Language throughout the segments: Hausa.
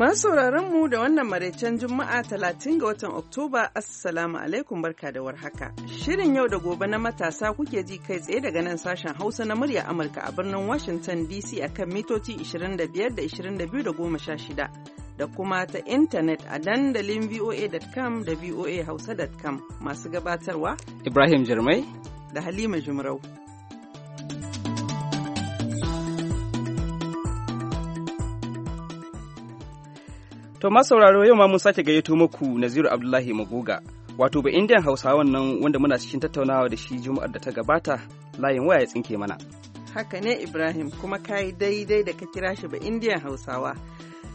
Masu sauraron mu da wannan maraicen Juma'a 30 ga watan Oktoba, Assalamu alaikum barka da warhaka. Shirin yau da gobe na matasa kuke ji kai tsaye daga nan sashen Hausa na murya Amurka a birnin Washington DC akan mitoci 25 da 22 da 16 da kuma ta intanet a dandalin voa.com da voahausa.com masu gabatarwa Ibrahim Jirmai da Halima Jumrau. To masauraro yau ma mun sake gayyato muku Naziru Abdullahi Magoga. Wato ba indiyan Hausa wannan wanda muna cikin tattaunawa da shi juma'ar da ta gabata layin waya ya tsinke mana. Haka ne Ibrahim kuma kayi daidai da ka kira shi ba indiyan hausawa.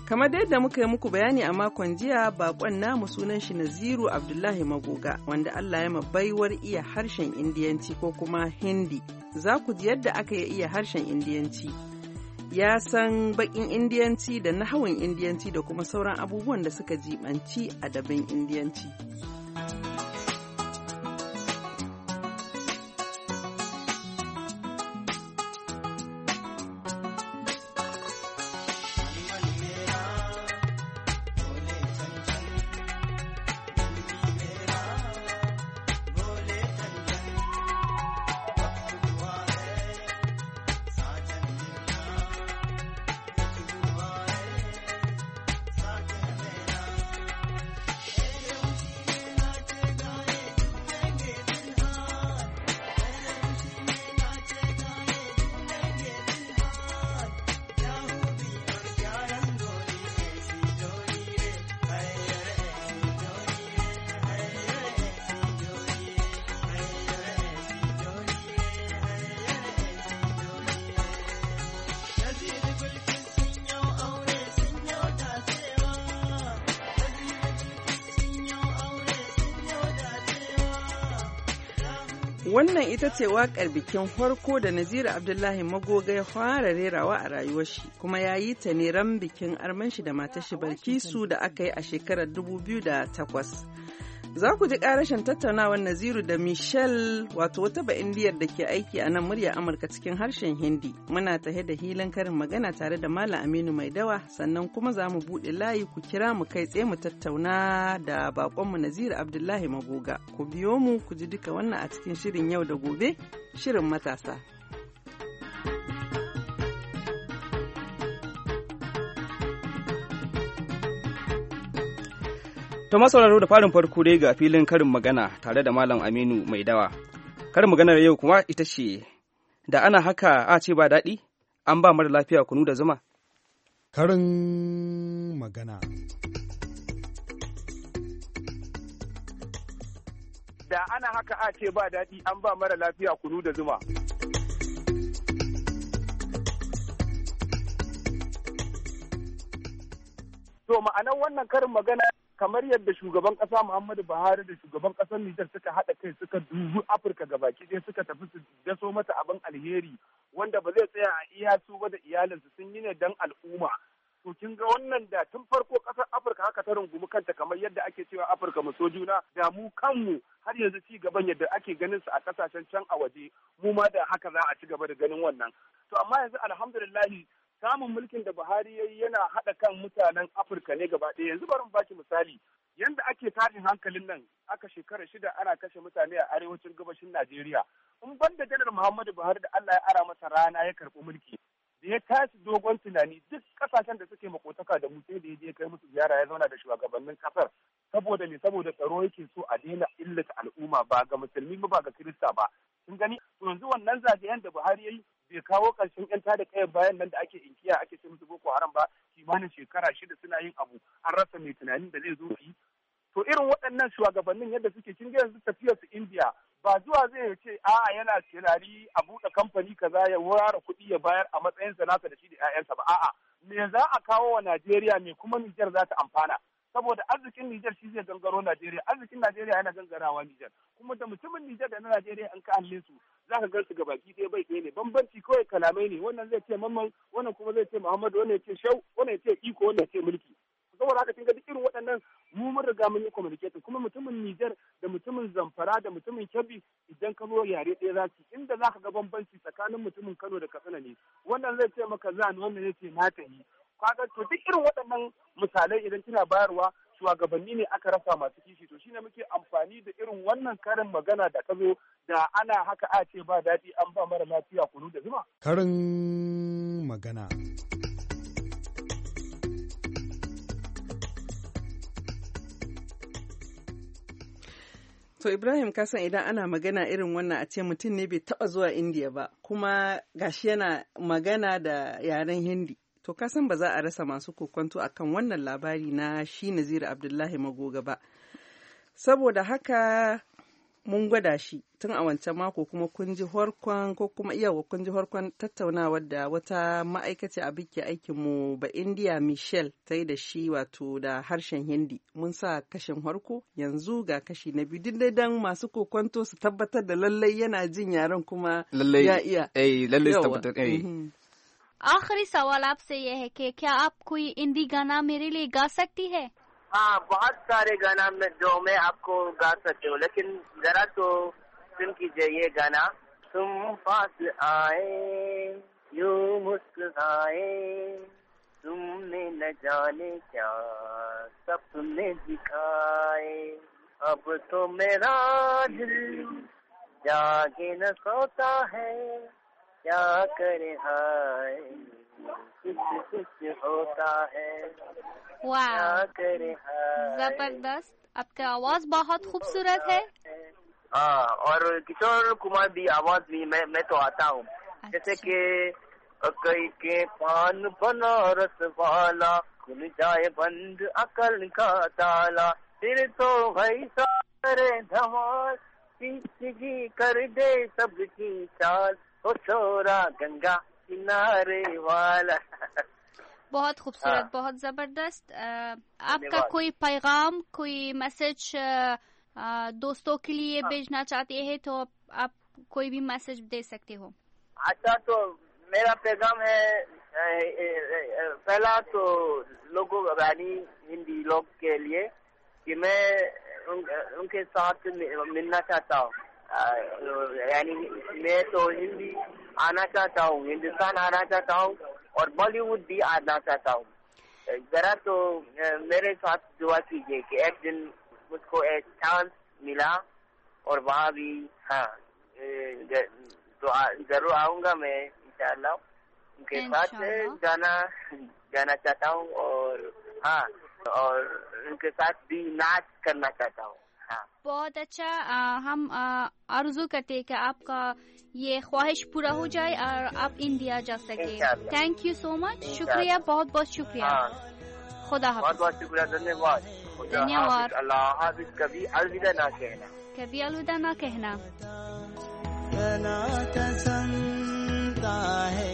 kamar da muka yi muku bayani a makon jiya bakon namu sunan shi naziru abdullahi magoga wanda allah ya ma baiwar iya harshen indiyanci ko kuma hindi za ku ji yadda aka iya harshen indiyanci ya san bakin indiyanci da nahawin indiyanci da kuma sauran abubuwan da suka jibanci adabin indiyanci. Wannan ita ce waƙar bikin farko da Naziru Abdullahi Magoga ya fara rerawa a rayuwar shi kuma ya yi ta ne ran bikin armanshi da matashi barkisu da aka yi a shekarar 2008. Za ku ji ƙarashin tattaunawar Naziru da Michelle wato wata ba'indiyar da ke aiki a nan murya Amurka cikin harshen Hindi. Muna tahe da hilin karin magana tare da Malam Aminu Mai Dawa sannan kuma za mu buɗe layi ku kira mu kai tsaye mu tattauna da baƙonmu Naziru Abdullahi Magoga. Ku biyo mu ku ji duka wannan a cikin shirin yau da gobe shirin matasa. To masauraro da farin farko dai ga filin karin magana tare da Malam Aminu mai dawa. Karin maganar yau kuma ita ce, da ana haka a ce ba daɗi, an ba mara lafiya kunu da zuma. Karin magana. Da ana haka a ce ba daɗi, an ba mara lafiya kunu da zuma. To ma'anar wannan karin magana kamar yadda shugaban kasa Muhammadu Buhari da shugaban kasar Nijar suka haɗa kai suka dubi Afirka gabaki ɗaya suka tafi su daso mata abin alheri wanda ba zai tsaya a iya su ba da iyalinsu sun yi ne dan al'umma to kin ga wannan da tun farko kasar Afirka haka ta rungumi kanta kamar yadda ake cewa Afirka mu so juna da mu kanmu har yanzu ci gaban yadda ake ganin su a kasashen can a waje mu ma da haka za a ci gaba da ganin wannan to amma yanzu alhamdulillahi samun mulkin da Buhari ya yana haɗa kan mutanen Afirka ne gaba ɗaya. Yanzu bari mu baki misali. Yanda ake tashin hankalin nan aka shekara shida ana kashe mutane a arewacin gabashin Najeriya. In banda janar Muhammadu Buhari da Allah ya ara masa rana ya karɓi mulki. Da ya tashi dogon tunani duk ƙasashen da suke makotaka da musa da ya je kai musu ziyara ya zauna da shugabannin ƙasar. Saboda ne saboda tsaro yake so a daina illata al'umma ba ga musulmi ba ga kirista ba. Sun gani yanzu wannan zagayen da Buhari ya yi ya kawo ƙarshen yan tada kayan bayan nan da ake inkiya ake ce musu boko haram ba kimanin shekara shida suna yin abu an rasa mai tunanin da zai zo yi to irin waɗannan shugabannin yadda suke kin ga yanzu tafiyar su India ba zuwa zai ce a'a yana kirari a buɗe kamfani kaza ya wara kuɗi ya bayar a matsayinsa nasa da shi da 'ya'yansa ba a'a me za a kawo wa Najeriya me kuma Nijar za ta amfana saboda arzikin Nijar shi zai gangaro Najeriya arzikin Najeriya yana gangarawa Nijar kuma da mutumin Nijar da na Najeriya an kalle su za ka gansu gabaki ɗaya bai ɗaya ne bambanci kawai kalamai ne wannan zai ce mamman wannan kuma zai ce Muhammadu wannan ce Shau wannan ce Iko wannan ce mulki saboda haka kinga duk irin waɗannan mu mun riga mun yi communication kuma mutumin Nijar da mutumin Zamfara da mutumin Kebbi idan ka zo yare ɗaya za su inda za ka ga bambanci tsakanin mutumin Kano da Katsina ne wannan zai ce maka zan wannan zai ce na ta yi kaga to duk irin waɗannan misalai idan kina bayarwa shugabanni ne aka rasa masu kishi to shine muke amfani da irin wannan karin magana da ka da ana haka a ce ba daɗi an ba mara lafiya kunu da zuma. Karin magana. To Ibrahim kasan idan ana magana irin wannan a ce mutum ne bai taba zuwa Indiya ba kuma gashi yana magana da yaren Hindi To kasan ba za a rasa masu kokonto kan wannan labari na shi Naziru Abdullahi Magoga ba. Saboda haka mun gwada shi tun a wancan mako kuma kun ji horkon ko kuma kun ji horkon tattaunawar da wata ma'aikaci a bikin aikin mu ba India michelle ta yi da shi wato da harshen hindi mun sa kashin harko yanzu ga kashi na biyu duk dan masu kokonto su tabbatar da lallai yana jin yaren kuma ya iya eh, lallai su tabbatar eh. mhm. آخری سوال آپ سے یہ ہے کہ کیا آپ کوئی ہندی گانا میرے لیے گا سکتی ہے ہاں بہت سارے گانا جو میں آپ کو گا سکتی ہوں لیکن ذرا تو سن کیجئے یہ گانا تم پاس آئے یوں مسکرائے تم نے نہ جانے کیا سب تم نے دکھائے اب تو میرا دل جاگے نہ سوتا ہے کیا کرے ہائے ہوتا ہے زبردست آواز بہت خوبصورت ہے ہاں، اور کشور کمار بھی آواز بھی میں تو آتا ہوں جیسے اچھا۔ کہ کئی کے پان بنارس والا کھل جائے بند عقل کا تالا پھر تو بھائی سارے دھمال جی کر دے سب کی چال گنگا بہت خوبصورت ہاں۔ بہت زبردست آپ کا کوئی پیغام کوئی میسج دوستوں کے لیے ہاں۔ بھیجنا چاہتے ہیں تو آپ کوئی بھی میسج دے سکتے ہو اچھا تو میرا پیغام ہے پہلا تو لوگوں رانی ہندی لوگ کے لیے کہ میں ان کے ساتھ ملنا چاہتا ہوں یعنی میں تو ہندی آنا چاہتا ہوں ہندوستان آنا چاہتا ہوں اور بالی ووڈ بھی آنا چاہتا ہوں ذرا تو میرے ساتھ دعا کیجیے کہ ایک دن مجھ کو ایک چانس ملا اور وہاں بھی ہاں تو ضرور آؤں گا میں ان شاء اللہ ان کے ساتھ جانا جانا چاہتا ہوں اور ہاں اور ان کے ساتھ بھی ناچ کرنا چاہتا ہوں ہاں۔ بہت اچھا ہم آرزو کرتے کہ آپ کا یہ خواہش پورا ہو جائے اور آپ انڈیا جا سکے تھینک یو سو مچ شکریہ بہت بہت شکریہ ہاں۔ خدا حافظ بہت شکریہ دھنیہ واد اللہ حافظ کبھی الوداع نہ کہنا کبھی الوداع نہ کہنا ہے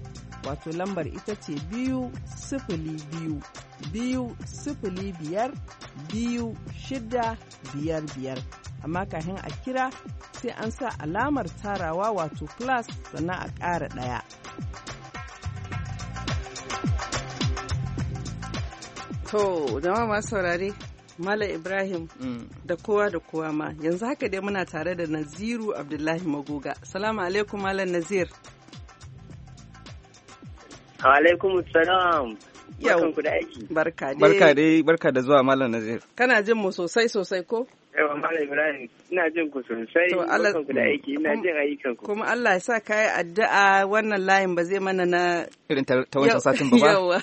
wato lambar ita ce biyu sifili biyu biyu sifili biyar biyu shida biyar biyar amma kafin a kira sai an sa alamar tarawa wato plus sannan a ƙara ɗaya. To, jama'a masu saurare, Mala Ibrahim mm. da kowa da kowa ma, yanzu haka dai muna tare da Naziru Abdullahi Magoga. Salamu alaikum Malam Nazir. alaikum salam barkanku da aiki barka dai barka dai barka da zuwa malam nazir kana jin mu sosai sosai ko yawa malam ibrahim ina jin ku sosai barkanku da aiki ina jin ayyukan ku kuma Allah ya sa kai addu'a wannan layin ba zai mana na irin ta wancan satin ba yawa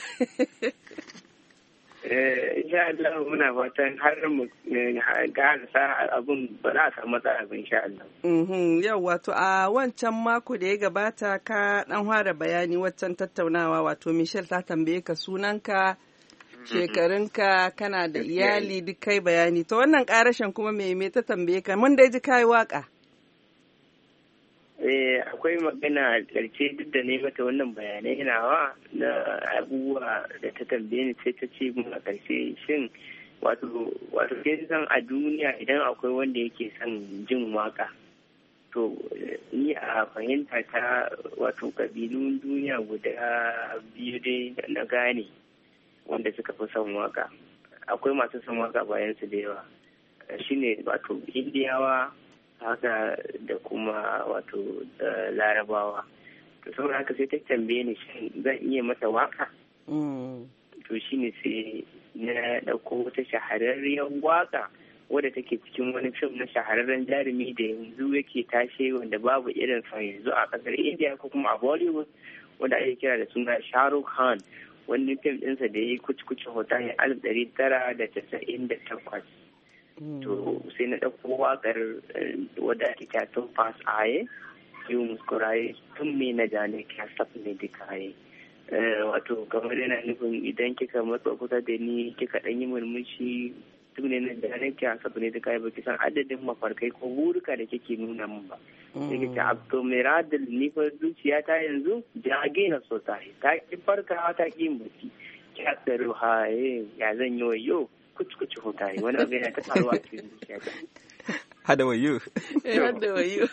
Eh, insha Allah muna fatan har mu eh, gane sa abun ba za a samu matsala ba insha Allah. Mhm, Yau wato a wancan mako da ya gabata ka dan fara bayani waccan tattaunawa wato Michelle ta tambaye ka sunanka shekarunka kana da iyali duk kai bayani to wannan karashen kuma me me ta tambaye ka mun dai ji kai waka. Eh akwai magana a ƙarshe duk da ne mata wannan bayanai nawa na abubuwa da ta tambaye ni sai ta ce mun a ƙarshe shin wato wato san a duniya idan akwai wanda yake son jin waka to ni a fahimta ta wato ƙabilun duniya guda biyu dai na gane wanda suka fi son waka akwai masu son waka bayan su da yawa shine wato indiyawa haka da kuma wato larabawa to saboda haka sai ta tambaye ni shin zan iya masa waka mm. to shi ne sai na ɗauko wata shahararriyar waka wadda take cikin wani fim na shahararren jarumi da yanzu yake tashe wanda babu irin sa yanzu a kasar india ko kuma a bollywood wanda ake kira da suna sharo khan wani fim ɗinsa da ya yi kuci-kuci hoton alif ɗari tara da casa'in da takwas na ɗauko waƙar eh, wadda ake ta tun fas aye yiwu muskuraye tun me na gane kya sab ne duka ye eh, wato kamar yana nufin idan kika matsa kusa da ni kika ɗan yi murmushi tun ne na gane kya sab ne duka ye baki san adadin mafarkai ko burka da kike nuna min ba. Sai ta abdo miradil ni fa zuciya ta yanzu jage na sosai ta ki farka ta ki mutu. Kya tsaro haye ya zan yi wayo. kuci hota yi wani abu yana ta faruwa a cikin zuciyata hada wayo eh, hada wayo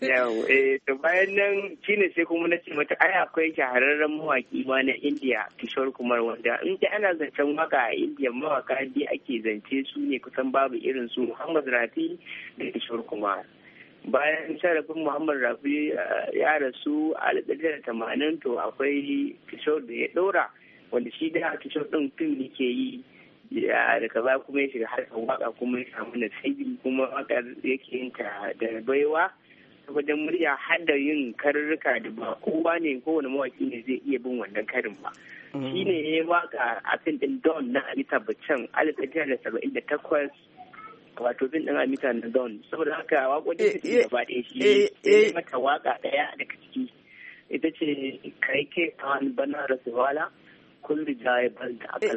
yawo eh bayan nan shine sai kuma na ce mata ai akwai shahararren mawaki ma na India Kishore Kumar wanda in ta ana zancen waka a India mawaka biyu ake zance su ne kusan babu irin su Muhammad Rafi da Kishore Kumar bayan sharafin muhammad rafi eh, ya rasu a da tamanin to akwai kishor da ya ɗora wanda shi da kishor ɗin fim yake yi ya da kaza kuma ya shiga harkar waka kuma ya samu nasibi kuma waka yake yin ta da baiwa wajen murya har da yin karurruka da ba kowa ne kowane mawaki ne zai iya bin wannan karin ba mm. shi ne ya waka a fim din don na amita bacan alif da saba'in da takwas wato fim din amita na don saboda haka waƙoƙin da eh, eh, gaba da shi ne eh, mata waka ɗaya daga ciki ita ce kai ke kawai bana rasuwala kulli riga ya bar da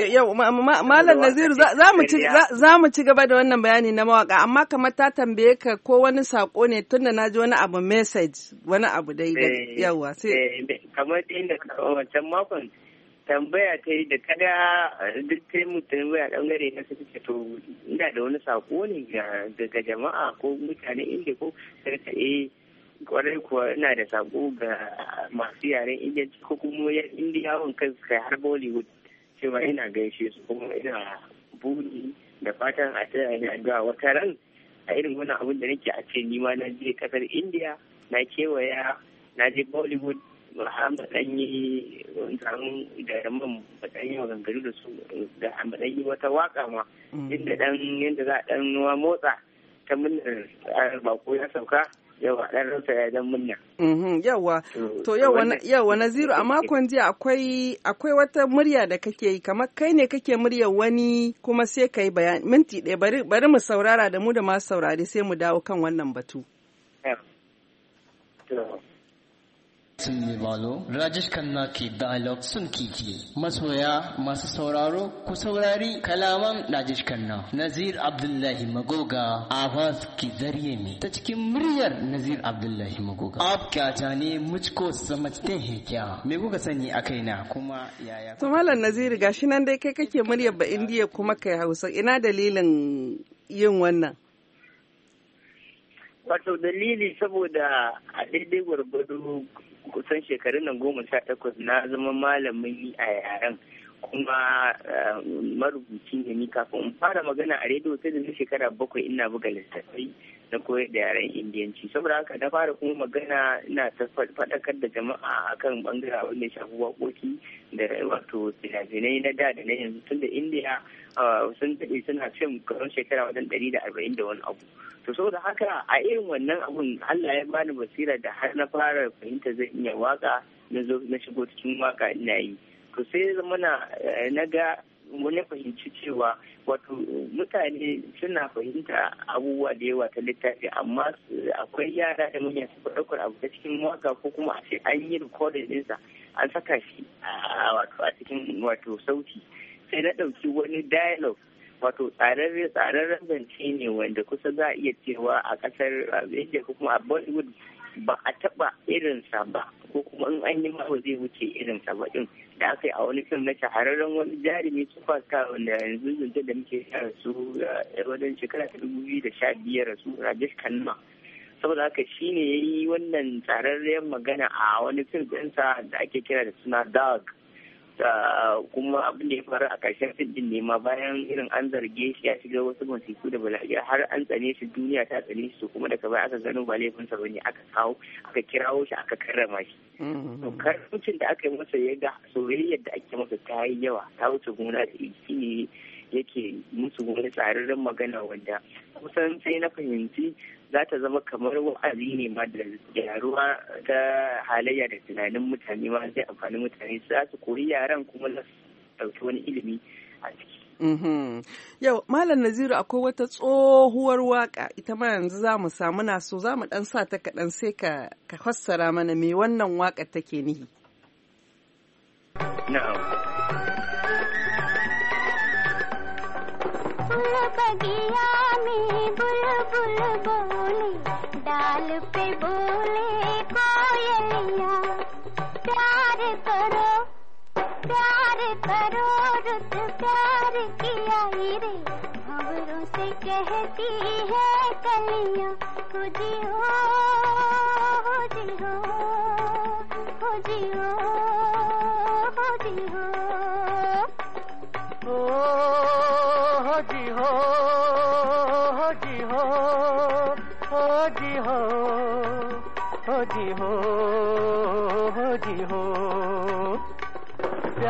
eh, eh, Yau, Malam Naziru za mu ci gaba da wannan bayani na mawaka, amma kamar ta tambaye ka ko wani sako ne tun da na ji wani abu message wani abu dai eh, yawa sai. Kamar inda wancan makon tambaya ta yi da kada duk ta mu tambaya bangare na su suke to ina da wani sako ne daga jama'a ko mutane inda ko sai ta kwarai kuwa ina da sako ga masu yaren indiyanci ko kuma yan kan kansu kai har bollywood cewa ina gaishe su kuma ina buri da fatan a taya ni addu'a wata ran a irin wani abun da nake a ce nima na je kasar indiya na kewaya na je bollywood Muhammad dan yi zan da man dan yi maganganu da su da dan yi wata waka ma mm. inda dan yanda za a dan motsa ta mun bako ya sauka yawa ɗanansa ya dan murna. Mhm, yawa to yawa naziru a makon jiya akwai wata murya da kake yi kamar kai ne kake murya wani kuma sai ka yi bayani minti ɗaya bari mu saurara da mu da masu saurari sai mu dawo kan wannan batu. सुनने वालों राजेश खन्ना के डायलॉग सुन कीजिए masoya masu sauraro ku saurari kalaman rajesh khanna nazir abdullahi magoga आवाज के जरिए में ta cikin muryar nazir abdullahi magoga आप क्या जाने मुझको समझते हैं क्या me kuka sani a na kuma yaya to malam nazir gashi nan dai kai kake muryar ba indiya kuma kai hausa ina dalilin yin wannan wato dalili saboda a daidai gwargwado kusan shekarun nan goma sha takwas na zama malamin yi a yaren kuma eh, marubuci ne ni kafin in fara magana a rediyo sai da shekara bakwai ina buga littattafai na koyar da yaren indiyanci saboda haka na fara kuma magana ina ta faɗakar da jama'a akan bangare abin da shafi waƙoƙi da wato finai na da da na yanzu tun da indiya sun daɗe suna cin kamar shekara wajen ɗari da arba'in da wani abu to saboda haka a irin wannan abun allah ya bani basira da har na fara fahimta zan iya waka na na shigo cikin waka ina yi to sai zamana eh, na ga wani fahimci cewa wato mutane suna fahimta abubuwa da yawa ta littafi amma akwai yara da manyan su ɗaukar abu ta cikin waka ko kuma a ce an yi rikodin ɗinsa an saka shi a cikin wato sauti sai na ɗauki wani dialog wato tsararren tsararren zance ne wanda kusa za a iya cewa a ƙasar india ko kuma a bollywood ba a taɓa irinsa ba ko kuma in an yi mawa zai wuce irin saba'in da aka yi a wani fim na shahararren wani jarumi star wanda yanzu zance da muke yara su wajen shekara ta dubu biyu da sha biyar su rajesh kanma saboda haka shi ne ya yi wannan tsararren magana a wani fim ɗinsa da ake kira da suna dog kuma abin da ya faru a ƙarshen fim nema ne ma bayan irin an zarge shi ya shiga wasu masifu da bala'i har an tsane shi duniya ta tsane shi kuma daga baya aka gano ba laifinsa ba ne aka kawo aka kirawo shi aka karrama shi. Mm-hmm. to karfin da aka yi masa ya ga soyayyar da ake masa ta yi yawa ta wuce gona da shi ne yake musu wani tsararren magana wanda kusan sai na fahimci za ta zama kamar wa'azi ne ma da gyaruwa ta halayya da tunanin mutane ma zai amfani mutane za su koyi yaran kuma za su ɗauki wani ilimi a ciki. Mhm. Yau, Malam Naziru akwai wata tsohuwar waka ita ma yanzu za mu samu na so za mu ɗan sa ta kaɗan sai ka fassara mana me wannan waka take nihi. Na'am. بل بل بولی ڈال پہ بولے کوئلیا پیار کرو رت پیار خبروں سے کہتی ہے ہو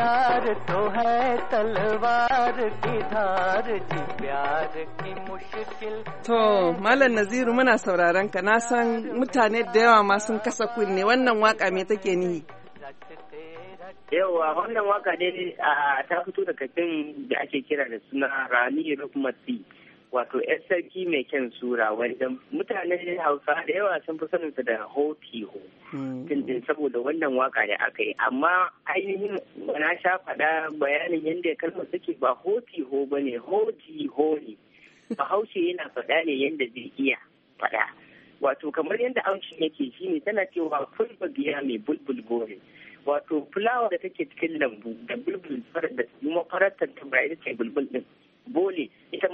प्यार तो है तलवार की धार जी प्यार की मुश्किल तो मालन naziru muna sauraron ka na san mutane da yawa ma sun kasa kunne wannan waka me take nihi yawa wannan waka ne a ah, ta fito daga kan da ake kira da suna rani rukmati wato yan sarki mai kyan sura wanda mutanen hausa da yawa sun fi sanin da hotiho tindin hmm. saboda wannan waka da aka yi amma ainihin na sha faɗa bayanin yadda kalma suke ba hoti ho ba ne hotiho ne bahaushe yana faɗa ne yadda zai iya faɗa wato kamar yadda amshin yake shi ne tana cewa fulba biya mai bulbul gore wato fulawa da take cikin lambu da bulbul da kuma farar ta ba ce bulbul din bole ita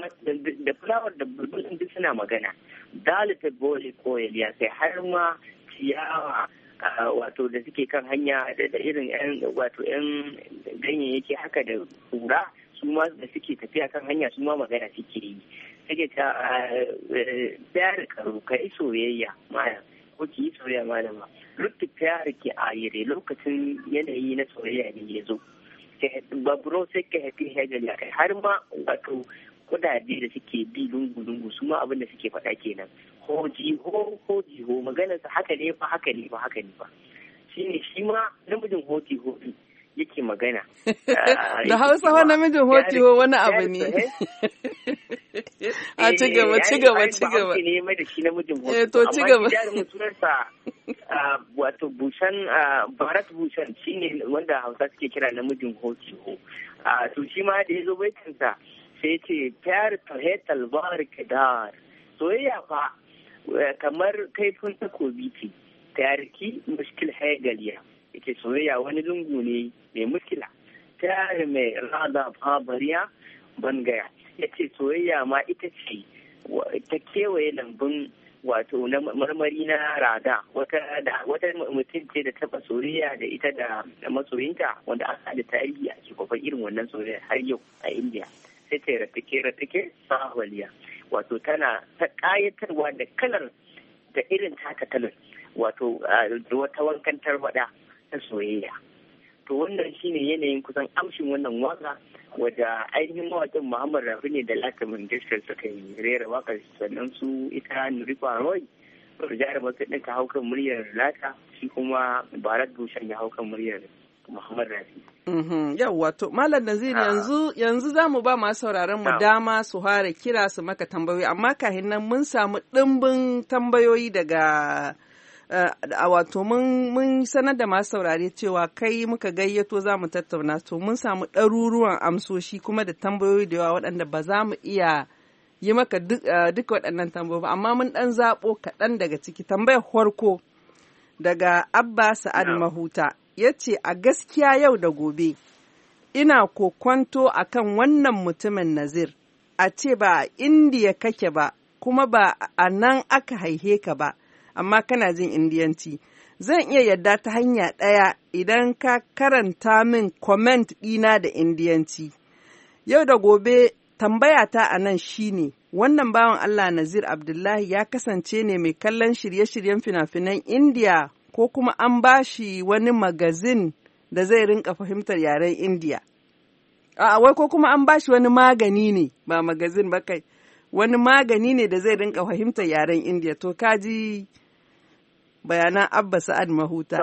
da fulawar da bulbulin duk suna magana dalita bole ko ya sai har ma ciyawa wato da suke kan hanya da irin yan wato yan ganyayyaki haka da kura su da suke tafiya kan hanya su ma magana suke yi take ta bayar e, karo ka yi soyayya malam ko ki yi soyayya malama rufe tsayar ki a yare lokacin yanayi na soyayya ne ya zo babro sai ka haifi hanyar ya kai har ma wato kudade da suke bi lungu-lungu su ma abin da suke faɗa kenan hojiho ho hoji ho haka ne ba haka ne ba haka ne shi shine shi ma namijin hoji hoji yake magana. Ah, da Hausa wa namijin hojiho wani abu ne. A ci gaba, eh, ci gaba, ci gaba. Eh to ci gaba. wato busan barat bushan shine wanda hausa suke kira namijin hokiho to shi ma da ya zo baitinsa sai ce fiyar tahetal bar kadar soyayya fa e, kamar kaifin takobi ce tariki mushkil hegeliya yake soyayya wani lungu ne mai muskila tare mai rada fabariya bangaya ya ce soyayya ma ita ce ta kewaye lambun wato na marmari na rada wata da mutum ce da taba soyayya da ita da masoyinta wanda aka da tarihi a cikin irin wannan soyayya har yau a India sai ta ratake ratake sahawaliya wato tana ta kayatarwa da kalar da irin taka kalar wato da wata wankan tarwada ta soyayya to wannan shine yanayin kusan amshin wannan waka wadda ainihin mawaƙin muhammad rafi ne da lakamin district suka yi rera wakar sannan su ita nurifa roy jihar masu ɗin ka haukan muryar lata shi kuma barat bushan ya haukan muryar muhammad rafi mhm. yawwa to malam nazir ah. yanzu yanzu za mu ba masu sauraron mu ah. dama su hara kira su maka tambayoyi amma kahin nan mun samu ɗimbin tambayoyi daga Eh, a wato mun sanar da masu saurare cewa kai muka gayyato za mu tattauna to mun samu ɗaruruwan amsoshi kuma da tambayoyi da yawa waɗanda ba za mu iya yi maka eh, duka waɗannan tambayoyi ba amma mun ɗan zaɓo kaɗan daga ciki tambayar farko daga abba sa'ad mahuta ya ce a gaskiya yau da gobe ina kokwanto a kan wannan mutumin nazir a ce ba a indiya kake ba kuma ba a nan aka haihe ka ba amma kana jin indiyanci zan iya yadda ta hanya ɗaya idan ka karanta min comment ɗina da indiyanci yau da gobe tambaya ta a nan shine wannan bawan allah nazir abdullahi ya kasance ne mai kallon shirye-shiryen fina-finan indiya ko kuma an ba shi wani magazin da zai rinka fahimtar yaren indiya a wai ko kuma an ba shi wani magani ne ba magazin ba kai wani magani ne da zai rinka fahimtar yaren indiya to kaji ji bayanan Abba Sa'ad Mahuta.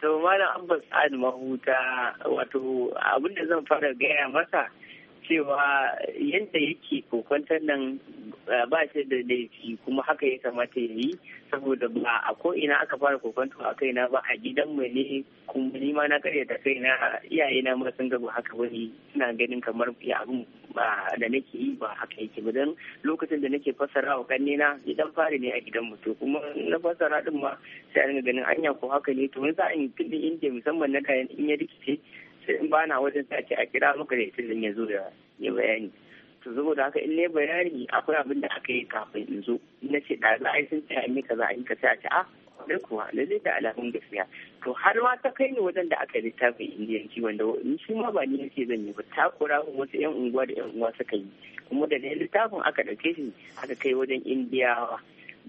To, Malam Abba Sa'ad Mahuta, wato abin da zan fara gaya masa cewa yadda yake kokwantar nan eh, ba shi da laifi kuma haka ya kamata ya yi saboda ba a ko ina aka fara kokwanto a kaina ba a gidan mu ne kuma ni ma na karya ta kaina iyaye na ma sun ga ba haka bane suna ganin kamar ya abun da nake yi ba haka yake ba dan lokacin da nake fassara wa kanne na idan fari ne a gidan mu kuma na fassara din ma sai an ganin anya ko haka ne to wani sa'in kudin inda musamman na kayan in ya rikice sai in bana wajen sake a kira maka da ita ya zo ya bayani to saboda haka in ne bayani akwai abin da aka yi kafin in zo na ce da za a yi sun ce a kaza in ka sai a ce a ah, ne kuwa da alamun gaskiya to har ma ta kai ni wajen da aka littafin indiyanci wanda in shi ma ba ni yake zan yi ba takura wasu yan unguwa da yan unguwa suka yi kuma da ne littafin aka ɗauke shi aka kai wajen indiyawa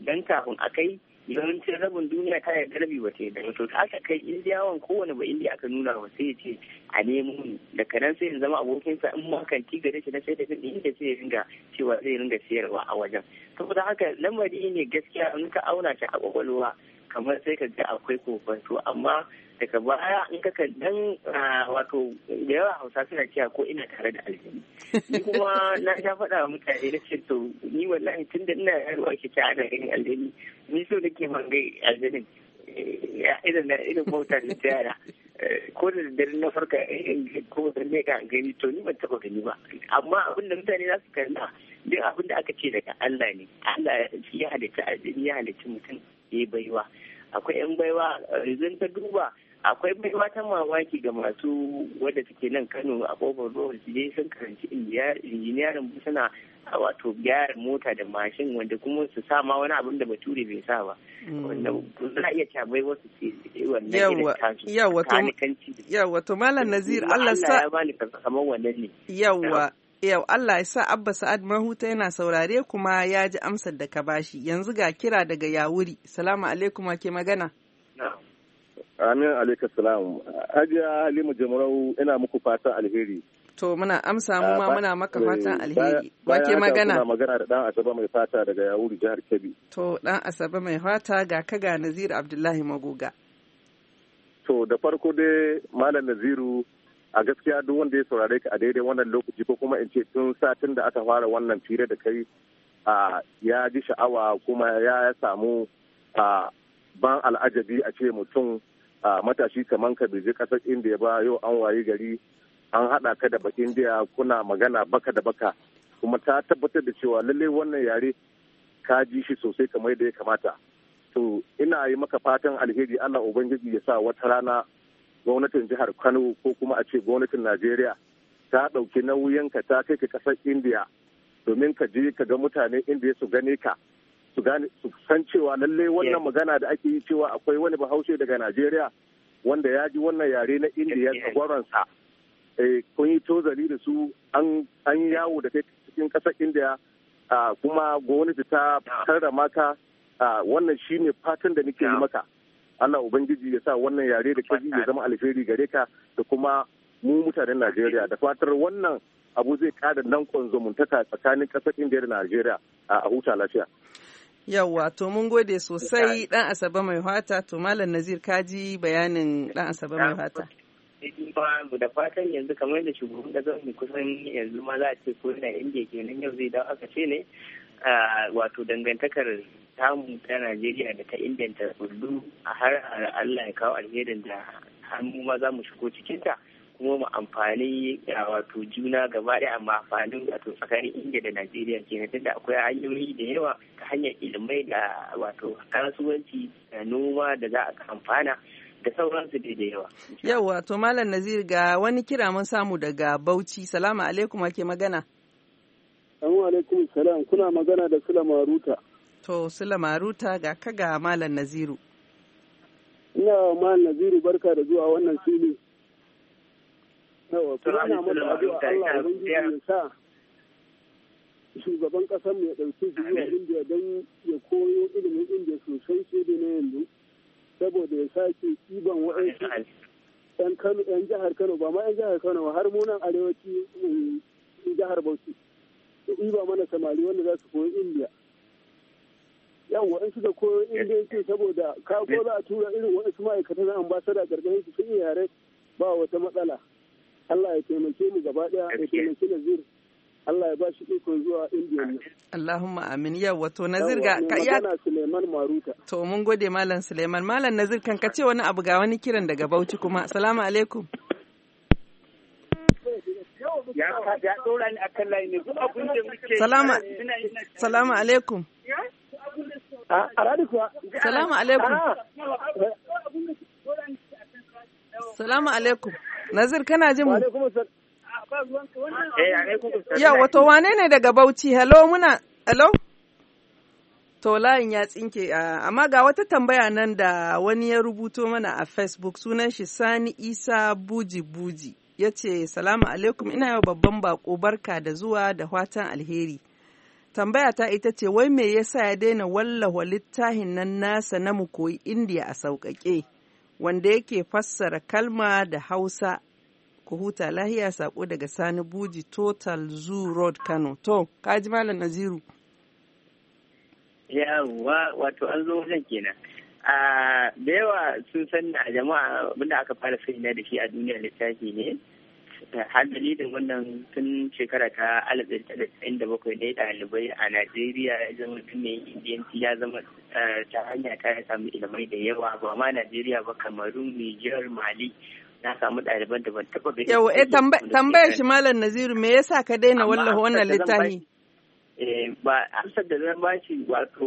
dan kafin a kai yawancin rabin duniya ta yarda rabi ba ta yi to aka kai indiyawan kowane ba indiya aka nuna wa sai ya ce a nemo ni daga nan sai in zama abokinsa in ma kan ci gare shi na sai da fin inda sai ya ringa cewa zai ringa siyarwa a wajen saboda haka lamari ne gaskiya in ka auna shi a kwakwalwa kamar sai ka ga akwai to amma daga baya in ka dan wato da yawa hausa suna cewa ko ina tare da aljini ni kuma na sha faɗa wa mutane na ce to ni wallahi tun da ina yaro ake ta ana irin aljini ni so nake mangai aljinin irin na irin bauta da ta yara eh, ko da dare na farka eh, ko da ne ka gani to ni ban taɓa gani ba amma abin da mutane za su kalla duk abin da aka ce daga Allah ne Allah ya halitta aljini ya halitta mutum ya yi baiwa akwai 'yan baiwa zan ta duba akwai mai matan mawaki ga masu wadda suke nan kano a kofar rohar su je sun karanci injiniyarin suna wato gyara mota da mashin wanda kuma su sa ma wani abin da bature bai sa ba mm. wanda za iya cabai wasu ce eh, wannan irin tasu yawa to malam nazir allah sa ya bani kamar wannan ne yawa yau Allah ya sa Abba Sa'ad Mahuta yana saurare kuma ya ji amsar da ka bashi yanzu ga kira daga Yawuri salamu alaikum ke magana Amin alaika salam. Hajiya Halima Jamrau ina muku fatan alheri. To muna amsa mu ah, ma muna maka fatan eh, alheri. Wake magana. Muna magana da dan Asaba mai fata daga Yawuri jihar Kebbi. To dan Asaba mai fata ga ka ga Nazir Abdullahi Magoga. To da farko dai Malam Naziru a gaskiya duk wanda ya saurare ka a daidai wannan lokaci ko kuma in ce tun satin da aka fara wannan fira da kai a ya ji sha'awa kuma ya samu a ban al'ajabi a ce mutum a matashi kamar ka bai je kasar indiya ba yau an wayi gari an haɗa ka da bakin indiya kuna magana baka da baka kuma ta tabbatar da cewa lalle wannan yare ka ji shi sosai kamar da ya kamata to ina yi maka fatan alheri allah ubangiji ya sa wata rana gwamnatin jihar kano ko kuma a ce gwamnatin najeriya ta ɗauki nauyinka ta kai ka ƙasar indiya domin ka je ka ga mutane indiya su gane ka su san cewa lalle wannan magana da ake yi cewa akwai wani bahaushe daga Najeriya wanda ya ji wannan yare na Indiya a tsagwaransa eh, kun yi tozali da su an yawo da kai cikin kasar Indiya kuma gwamnati ta karra maka wannan shine fatan da nake yi maka Allah Ubangiji ya sa wannan yare da kaji ya zama alheri gare ka da kuma mu mutanen Najeriya da fatar wannan abu zai kada nan zumuntaka tsakanin kasar Indiya da Najeriya a huta lafiya. Yawwa, to mun gode sosai dan Asabe mai hata, to Malam Nazir kaji bayanin dan Asabe mai hata. da fatan yanzu kamar da shugaban da zan kusan yanzu ma za a ce ko ina inda kenan yau zai dawo aka ce ne wato dangantakar tamu ta Najeriya da ta inganta kullu a har Allah ya kawo alherin da hannu ma za mu shigo cikinta. kuma mu amfani wato juna gaba ɗaya amma amfanin a tsakanin india da Najeriya na tunda akwai hanyoyi da yawa ta hanyar ilimai da wato kasuwanci da noma da za a amfana da sauransu dai da yawa. yau to Malam Nazir ga wani kira mun samu daga Bauchi. Salamu alaikum ake magana. Salamu alaikum salam kuna magana da Sula Maruta. To Sula Maruta ga kaga Malam Naziru. Ina Malam Naziru barka da zuwa wannan fili. Allah ya sa shugaban kasar mai ɗauki zuwa Indiya don ya koyo ilimin Indiya sosai sai da na yanzu saboda ya sake ɗiban waɗansu ‘yan Kano ‘yan jihar Kano ba ma ‘yan jihar Kano ba har munan arewaci mm, jihar Bauchi da ɗiba mana samari wanda za su koyi Indiya. yan su da koyo ce saboda kago za a tura irin ma'aikata na ambasada gargaɗin su sun iya yare ba wata matsala. Allah ya taimake mu gaba daya ya taimake Nazir Allah ya ba shi ikon zuwa Indiya Allahumma amin yawa to Nazir ga ka ya Suleiman Maruta to mun gode malam Suleiman malam Nazir kan ka ce wani abu ga wani kiran daga Bauchi kuma assalamu alaikum ya ya dora ni akan abin da muke salama salamu alaikum salamu alaikum salamu alaikum Nazir kana jin mu? Eh, ya wato wane ne daga Bauchi? Hello muna hello? To layin ya tsinke ah, amma ga wata tambaya nan da wani ya rubuto mana a Facebook sunan shi Sani Isa Buji Buji. Ya ce, Salamu alaikum ina yau babban bako barka da zuwa da watan alheri. tambaya ta ita ce wai me yasa ya daina wallahwa littafin nan nasa na mu koyi indiya a sauƙaƙe wanda yake fassara kalma da Hausa ku huta lahiya sako daga Sani Buji Total Zoo Road Kano. To, kaji Malam Naziru. Yawwa, wato an zo wajen kenan. A da yawa sun san a jama'a abinda aka fara sanya da shi a duniya littafi ne. har dalilin wannan tun shekara ta alif da bakwai ne ɗalibai a najeriya ya zama mai indiyanci ya zama eh, ta hanya ta samu ilimai da yawa ba ma najeriya ba kamarun nijar mali na samu ɗaliban da ban taɓa bai Yau, eh, tambayar shi Malam Naziru, me yasa ka daina wallafa wannan littafi? Eh, ba, amsar da zan ba shi wato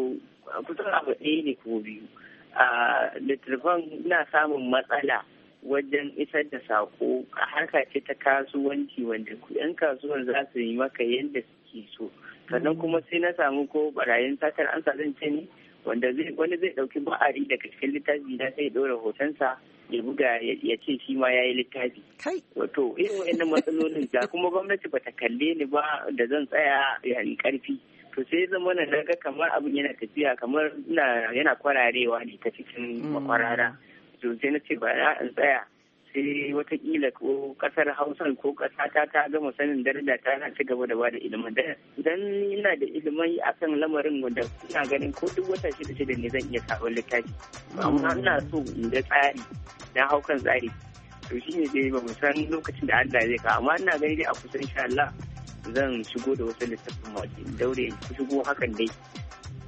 kusan abu ɗaya ne ko biyu. Ah, Littattafan na samun matsala wajen isar da sako a harka ce ta kasuwanci wanda yan kasuwan za su yi maka yadda ke so sannan kuma sai na samu ko barayin satar an sa zance ne wanda wani zai dauki ba'ari daga cikin littafi na sai dora hotonsa ya buga ya ce shi ma ya yi littafi wato irin wa'annan matsalolin da kuma gwamnati bata kalle ni ba da zan tsaya yayin karfi to sai zama na ga kamar abin yana tafiya kamar yana kwararewa ne ta cikin mm. makwarara zo na ce ba ya in tsaya sai watakila ko kasar hausa ko kasa ta ta gama sanin daraja ta na ci gaba da bada ilimin da dan ina da ilimai akan lamarin wanda ina ganin ko duk wata shida shida ne zan iya sabon littafi amma ina so in da tsari na hau kan tsari to shine dai ba mu san lokacin da Allah zai ka amma ina gani dai a kusa insha Allah zan shigo da wasu littafin mawaƙi daure ku shigo hakan dai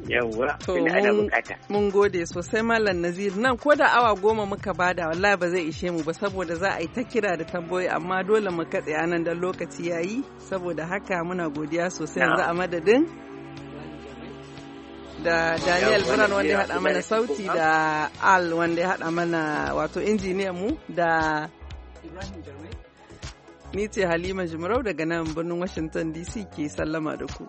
yawwa tunda ana bukata mun gode sosai malam nazir nan ko da awa goma muka bada wallahi ba zai ishe mu ba saboda za a yi ta kira da tambayoyi amma dole mu katse anan dan lokaci yayi saboda haka muna godiya sosai yanzu a madadin da Daniel Brown wanda ya haɗa mana sauti da Al wanda ya haɗa mana wato injiniyan mu da Ni ce Halima Jimarau daga nan birnin Washington DC ke sallama da ku.